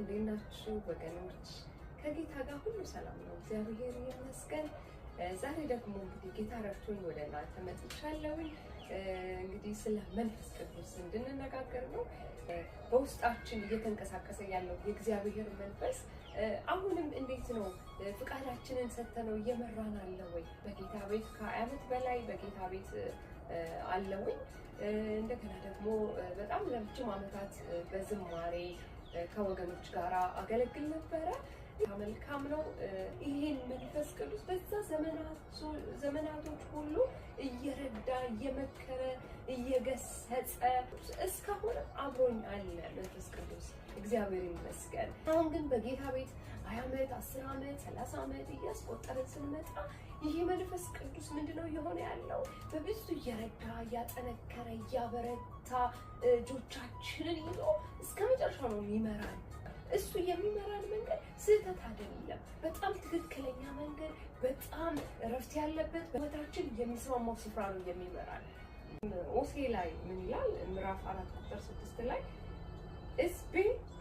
እንዴት ናችሁ ወገኖች? ከጌታ ጋር ሁሉ ሰላም ነው፣ እግዚአብሔር ይመስገን። ዛሬ ደግሞ እንግዲህ ጌታ ረድቶኝ ወደ እናንተ መጥቻለሁኝ። እንግዲህ ስለ መንፈስ ቅዱስ እንድንነጋገር ነው። በውስጣችን እየተንቀሳቀሰ ያለው የእግዚአብሔር መንፈስ አሁንም እንዴት ነው? ፍቃዳችንን ሰጥተነው እየመራን አለ ወይ? በጌታ ቤት ከሀያ ዓመት በላይ በጌታ ቤት አለውኝ። እንደገና ደግሞ በጣም ለረጅም ዓመታት በዝማሬ ከወገኖች ጋር አገለግል ነበረ። መልካም ነው። ይሄን መንፈስ ቅዱስ በዛ ዘመናቶች ሁሉ እየረዳ እየመከረ እየገሰጸ እስካሁን አብሮኝ አለ መንፈስ ቅዱስ እግዚአብሔር ይመስገን። አሁን ግን በጌታ ቤት ሀያ ዓመት አስር ዓመት ሰላሳ ዓመት እያስቆጠረን ስንመጣ ይሄ መንፈስ ቅዱስ ምንድነው እየሆነ ያለው? በብዙ እየረዳ እያጠነከረ እያበረታ እጆቻችንን ይዞ እስከ መጨረሻ ነው የሚመራን። እሱ የሚመራን መንገድ ስህተት አይደለም። በጣም ትክክለኛ መንገድ፣ በጣም እረፍት ያለበት በህይወታችን የሚስማማው ስፍራ ነው የሚመራን። ሆሴ ላይ ምን ይላል? ምዕራፍ አራት ቁጥር ስድስት ላይ ሕዝቤ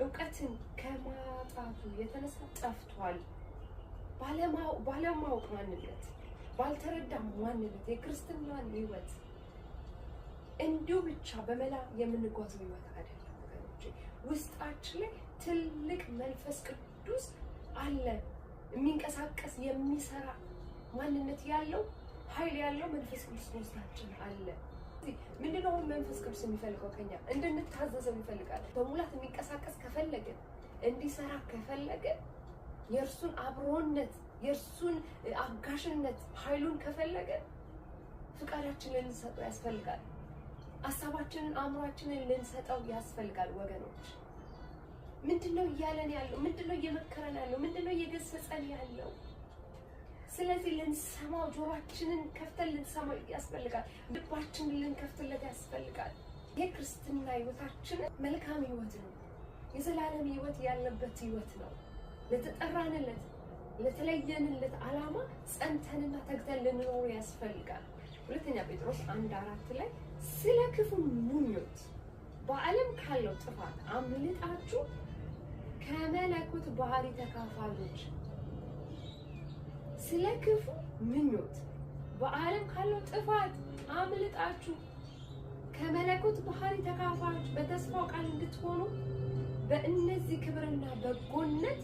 እውቀትን ከማጣቱ የተነሳ ጠፍቷል ባለማወቅ ማንነት፣ ባልተረዳ ማንነት የክርስትናን ህይወት እንዲሁ ብቻ በመላ የምንጓዘው ህይወት አይደለም ወገኖቼ። ውስጣችን ላይ ትልቅ መንፈስ ቅዱስ አለ። የሚንቀሳቀስ የሚሰራ ማንነት ያለው ኃይል ያለው መንፈስ ቅዱስ ውስጣችን አለ። ምንድነው መንፈስ ቅዱስ የሚፈልገው? ከኛ እንድንታዘዘው ይፈልጋል። በሙላት የሚንቀሳቀስ ከፈለገ እንዲሰራ ከፈለገ? የእርሱን አብሮነት የእርሱን አጋሽነት ኃይሉን ከፈለገ ፍቃዳችንን ልንሰጠው ያስፈልጋል። ሀሳባችንን አእምሯችንን ልንሰጠው ያስፈልጋል። ወገኖች ምንድነው እያለን ያለው? ምንድነው እየመከረን ያለው? ምንድነው እየገሰጸን ያለው? ስለዚህ ልንሰማው ጆሯችንን ከፍተን ልንሰማው ያስፈልጋል። ልባችንን ልንከፍትለት ያስፈልጋል። የክርስትና ህይወታችንን መልካም ህይወት ነው። የዘላለም ህይወት ያለበት ህይወት ነው። ለተጠራንለት ለተለየንለት ዓላማ ጸንተንና ተግተን ልንኖር ያስፈልጋል። ሁለተኛ ጴጥሮስ አንድ አራት ላይ ስለ ክፉ ምኞት በዓለም ካለው ጥፋት አምልጣችሁ ከመለኮት ባህሪ ተካፋዮች ስለ ክፉ ምኞት በዓለም ካለው ጥፋት አምልጣችሁ ከመለኮት ባህሪ ተካፋዮች በተስፋው ቃል እንድትሆኑ በእነዚህ ክብርና በጎነት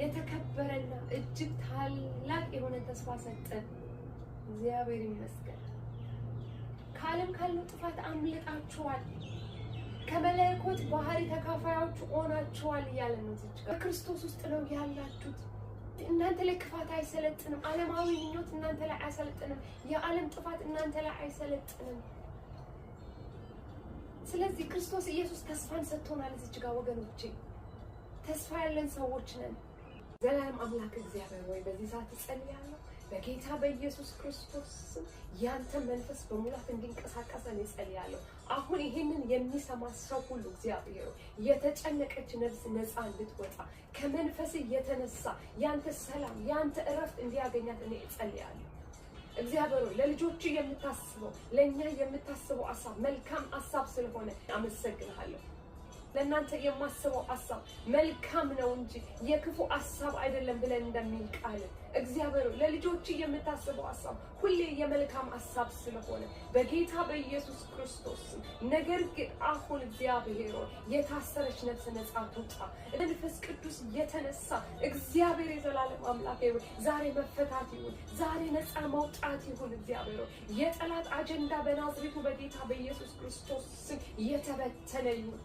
የተከበረና እጅግ ታላቅ የሆነ ተስፋ ሰጠን። እግዚአብሔር ይመስገን። ከዓለም ካለው ጥፋት አምልጣችኋል፣ ከመለኮት ባህሪ ተካፋዮች ሆናችኋል እያለ ነው። ዝች በክርስቶስ ውስጥ ነው ያላችሁት። እናንተ ላይ ክፋት አይሰለጥንም። ዓለማዊ ምኞት እናንተ ላይ አይሰለጥንም። የዓለም ጥፋት እናንተ ላይ አይሰለጥንም። ስለዚህ ክርስቶስ ኢየሱስ ተስፋን ሰጥቶናል። እዚህ ጋር ወገኖቼ ተስፋ ያለን ሰዎች ነን። ዘላለም አምላክ እግዚአብሔር ወይ በዚህ ሰዓት እጸልያለሁ በጌታ በኢየሱስ ክርስቶስ ያንተ መንፈስ በሙላት እንዲንቀሳቀሰን እጸልያለሁ። አሁን ይህንን የሚሰማ ሰው ሁሉ እግዚአብሔር የተጨነቀች ነፍስ ነፃ እንድትወጣ ከመንፈስ የተነሳ ያንተ ሰላም፣ ያንተ እረፍት እንዲያገኛት እኔ እጸልያለሁ። እግዚአብሔር ለልጆቹ የምታስበው ለእኛ የምታስበው አሳብ መልካም አሳብ ስለሆነ አመሰግንሃለሁ። ለእናንተ የማስበው አሳብ መልካም ነው እንጂ የክፉ አሳብ አይደለም ብለን እንደሚል ቃል እግዚአብሔር ለልጆች የምታስበው አሳብ ሁሌ የመልካም አሳብ ስለሆነ በጌታ በኢየሱስ ክርስቶስ። ነገር ግን አሁን እግዚአብሔር የታሰረች ነፍስ ነጻ ትውጣ። መንፈስ ቅዱስ የተነሳ እግዚአብሔር የዘላለም አምላክ ይሁን። ዛሬ መፈታት ይሁን፣ ዛሬ ነፃ መውጣት ይሁን። እግዚአብሔር የጠላት አጀንዳ በናዝሬቱ በጌታ በኢየሱስ ክርስቶስ የተበተነ ይሁን።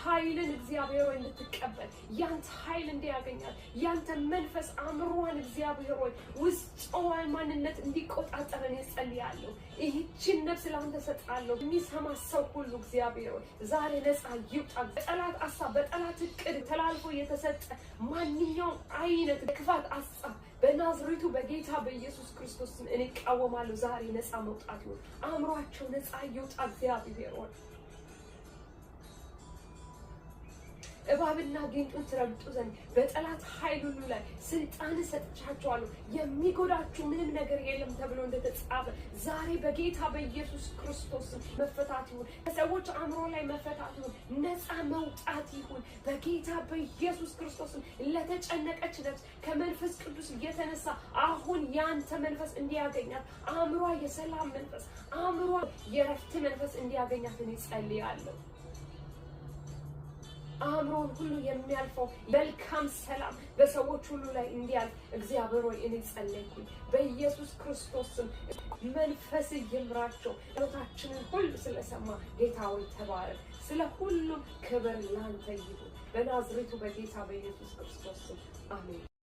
ኃይልን እግዚአብሔር ሆይ እንድትቀበል ያንተ ኃይል እንዲያገኛት ያንተ መንፈስ አእምሮዋን እግዚአብሔር ሆይ ውስጧን ማንነት እንዲቆጣጠር እኔ ይህችን ነፍስ ለአንተ ሰጣለሁ። የሚሰማ ሰው ሁሉ እግዚአብሔር ሆይ ዛሬ ይውጣ። በጠላት አሳብ፣ በጠላት እቅድ ተላልፎ የተሰጠ ማንኛውም አይነት ክፋት አሳብ በናዝሬቱ በጌታ በኢየሱስ ክርስቶስ እኔ እቃወማለሁ። ዛሬ ነፃ መውጣት ይሁን። አእምሯቸው ነፃ ይውጣ እግዚአብሔር ሆይ እባብና ጊንጡን ትረግጡ ዘንድ በጠላት ኃይል ሁሉ ላይ ስልጣን ሰጥቻቸዋለሁ፣ የሚጎዳችሁ ምንም ነገር የለም ተብሎ እንደተጻፈ ዛሬ በጌታ በኢየሱስ ክርስቶስ መፈታት ይሁን። ከሰዎች አእምሮ ላይ መፈታት ይሁን። ነፃ መውጣት ይሁን። በጌታ በኢየሱስ ክርስቶስ ለተጨነቀች ነፍስ ከመንፈስ ቅዱስ እየተነሳ አሁን ያንተ መንፈስ እንዲያገኛት አእምሯ የሰላም መንፈስ፣ አእምሯ የረፍት መንፈስ እንዲያገኛት እኔ ጸልያለሁ። አእምሮን ሁሉ የሚያልፈው መልካም ሰላም በሰዎች ሁሉ ላይ እንዲያልፍ እግዚአብሔር ሆይ እኔ ጸለይኩኝ። በኢየሱስ ክርስቶስም መንፈስ ይምራቸው። ጸሎታችንን ሁሉ ስለሰማ ጌታ ሆይ ተባረክ። ስለ ሁሉም ክብር ላንተ ይሁን። በናዝሬቱ በጌታ በኢየሱስ ክርስቶስም አሜን።